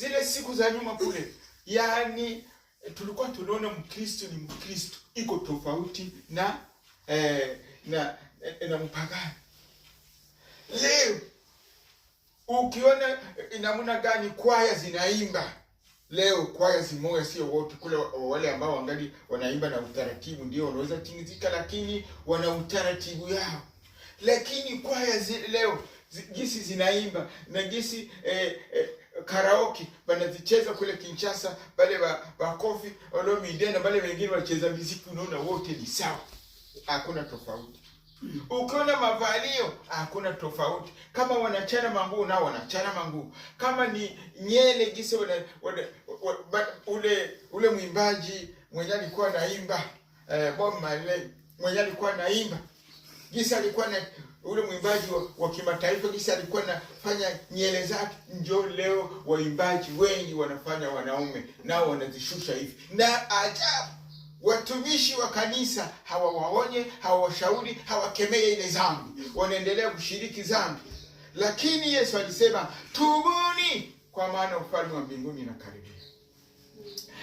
zile siku za nyuma kule, yani tulikuwa tunaona Mkristo ni Mkristo, iko tofauti na eh, na eh, na mpagani. Leo ukiona eh, namna gani kwaya zinaimba leo, kwaya zimoya sio wote kule, wale ambao wangali wanaimba na utaratibu ndio wanaweza tingizika, lakini wana utaratibu yao. Lakini kwaya zi, leo jinsi zinaimba na jinsi eh, eh, karaoke banazicheza kule Kinshasa, bale bakofi ba olomide na bale wengine wacheza muziki, unaona wote ni sawa, hakuna tofauti. Ukiona mavalio hakuna tofauti, kama wanachana manguu nao wanachana manguu kama ni nyele gise wana, wana, wana, ule ule mwimbaji mwenye alikuwa naimba eh, Bob mwenye alikuwa naimba jinsi alikuwa na ule mwimbaji wa, wa kimataifa jinsi alikuwa anafanya nyele zake. njo leo waimbaji wengi wanafanya wanaume nao wanazishusha hivi, na ajabu watumishi wa kanisa hawawaonye, hawawashauri, hawakemee ile zambi wanaendelea kushiriki zambi Lakini Yesu alisema tubuni, kwa maana ufalme wa mbinguni karibia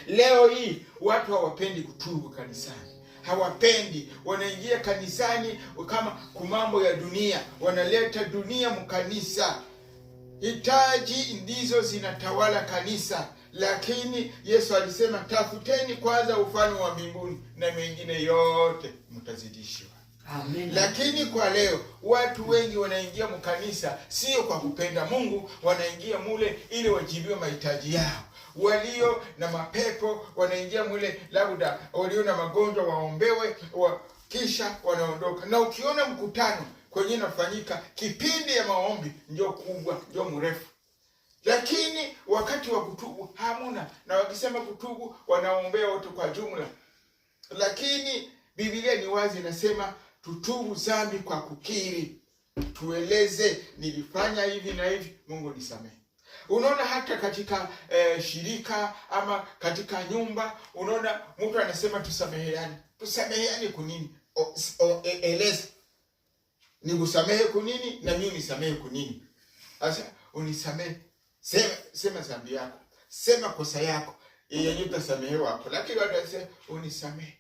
Leo hii watu hawapendi kutubu kanisani hawapendi, wanaingia kanisani kama kumambo ya dunia, wanaleta dunia mkanisa. Hitaji ndizo zinatawala kanisa, lakini Yesu alisema tafuteni kwanza ufano wa mbinguni na mengine yote mtazidishiwa. Amen. Lakini kwa leo watu wengi wanaingia mkanisa sio kwa kupenda Mungu, wanaingia mule ili wajibiwe mahitaji yao walio na mapepo wanaingia mwile, labda walio na magonjwa waombewe wa, kisha wanaondoka. Na ukiona mkutano kwenye inafanyika kipindi ya maombi ndio kubwa, ndio mrefu lakini wakati wa kutubu hamuna, na wakisema kutubu wanaombea watu kwa jumla. Lakini Biblia ni wazi inasema tutubu zambi kwa kukiri, tueleze nilifanya hivi na hivi, Mungu nisamehe. Unaona hata katika eh, shirika ama katika nyumba, unaona mtu anasema tusameheane. Tusameheane kunini? E, Eleza nikusamehe kunini na mimi unisamehe kunini? Sasa unisamehe, sema sema dhambi yako, sema kosa yako yenye utasamehewa lakini wadase unisamehe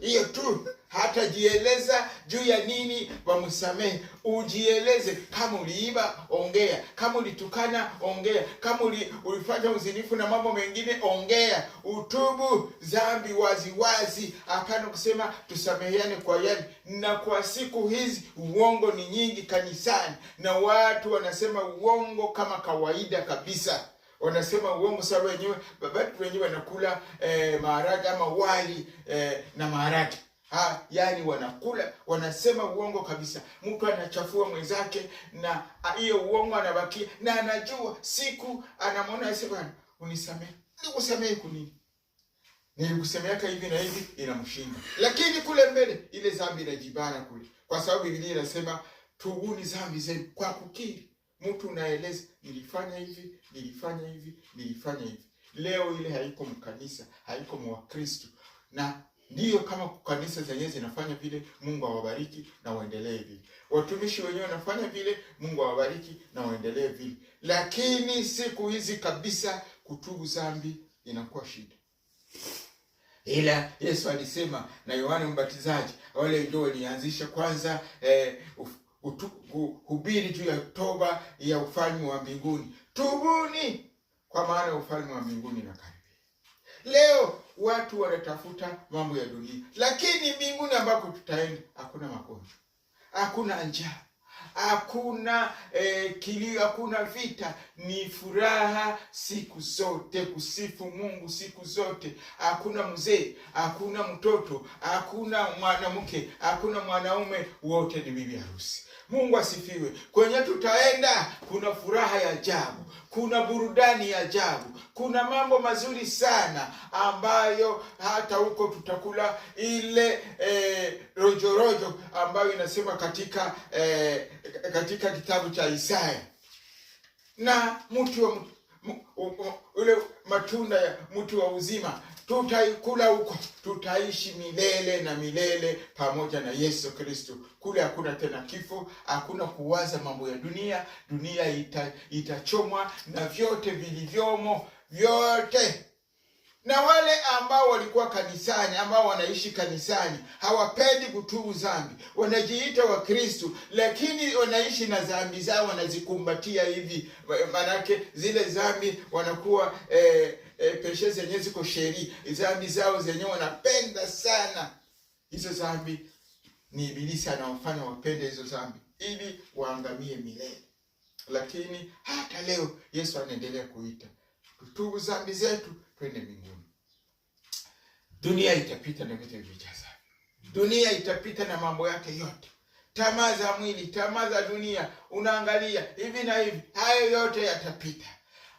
hiyo tu, hatajieleza juu ya nini wamsamehe. Ujieleze kama uliiba, ongea. Kama ulitukana, ongea. Kama ulifanya uzinifu na mambo mengine, ongea. Utubu zambi waziwazi, hapana kusema tusameheane kwa yale. Na kwa siku hizi uongo ni nyingi kanisani, na watu wanasema uongo kama kawaida kabisa wanasema uongo sababu wenyewe babati wenyewe wanakula eh, maharage ama wali eh, na maharage Ha, yani wanakula wanasema uongo kabisa. Mtu anachafua mwenzake na hiyo uongo anabakia na anajua siku anamwona bwana, unisamehe. Nikusamehe kunini? Nilikusemeaka hivi na hivi, inamshinda. Lakini kule mbele ile zambi inajibana kule, kwa sababu Biblia inasema tubuni zambi zenu kwa kukiri mtu unaeleza nilifanya hivi, nilifanya hivi, nilifanya hivi. Leo ile haiko mkanisa, haiko mwakristu, na ndiyo kama kanisa zenyewe zinafanya vile, Mungu awabariki na waendelee vile. Watumishi wenyewe wanafanya vile, Mungu awabariki na waendelee vile. Lakini siku hizi kabisa kutubu zambi inakuwa shida, ila Yesu alisema na Yohana Mbatizaji, wale ndio walianzisha kwanza eh, kuhubiri juu ya toba ya ufalme wa mbinguni. Tubuni, kwa maana ufalme wa mbinguni na karibu. Leo watu wanatafuta mambo ya dunia, lakini mbinguni ambako tutaenda hakuna magonjwa, hakuna njaa, hakuna eh, kilio, hakuna vita. Ni furaha siku zote, kusifu Mungu siku zote. Hakuna mzee, hakuna mtoto, hakuna mwanamke, hakuna mwanaume, wote ni bibi harusi. Mungu asifiwe. Kwenye tutaenda kuna furaha ya ajabu, kuna burudani ya ajabu, kuna mambo mazuri sana ambayo hata huko tutakula ile e, rojorojo ambayo inasema katika e, katika kitabu cha Isaya na mtu wa ule matunda ya mtu wa uzima, tutaikula huko, tutaishi milele na milele pamoja na Yesu Kristo. Kule hakuna tena kifo, hakuna kuwaza mambo ya dunia. Dunia ita, itachomwa na vyote vilivyomo vyote na wale ambao walikuwa kanisani, ambao wanaishi kanisani, hawapendi kutubu zambi wanajiita Wakristu lakini wanaishi na zambi zao, wanazikumbatia hivi, manake zile zambi wanakuwa eh, eh, peshe zenye ziko sheria, zambi zao zenye wanapenda sana hizo zambi Ni Ibilisi anawafanya wapende hizo zambi ili waangamie milele, lakini hata leo Yesu anaendelea kuita tutubu zambi zetu, twende mbinguni. Dunia itapita na vitu vijazavyo, dunia itapita na mambo yake yote, tamaa za mwili, tamaa za dunia, unaangalia hivi na hivi, hayo yote yatapita,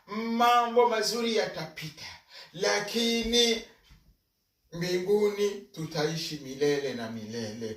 mambo mazuri yatapita, lakini mbinguni tutaishi milele na milele.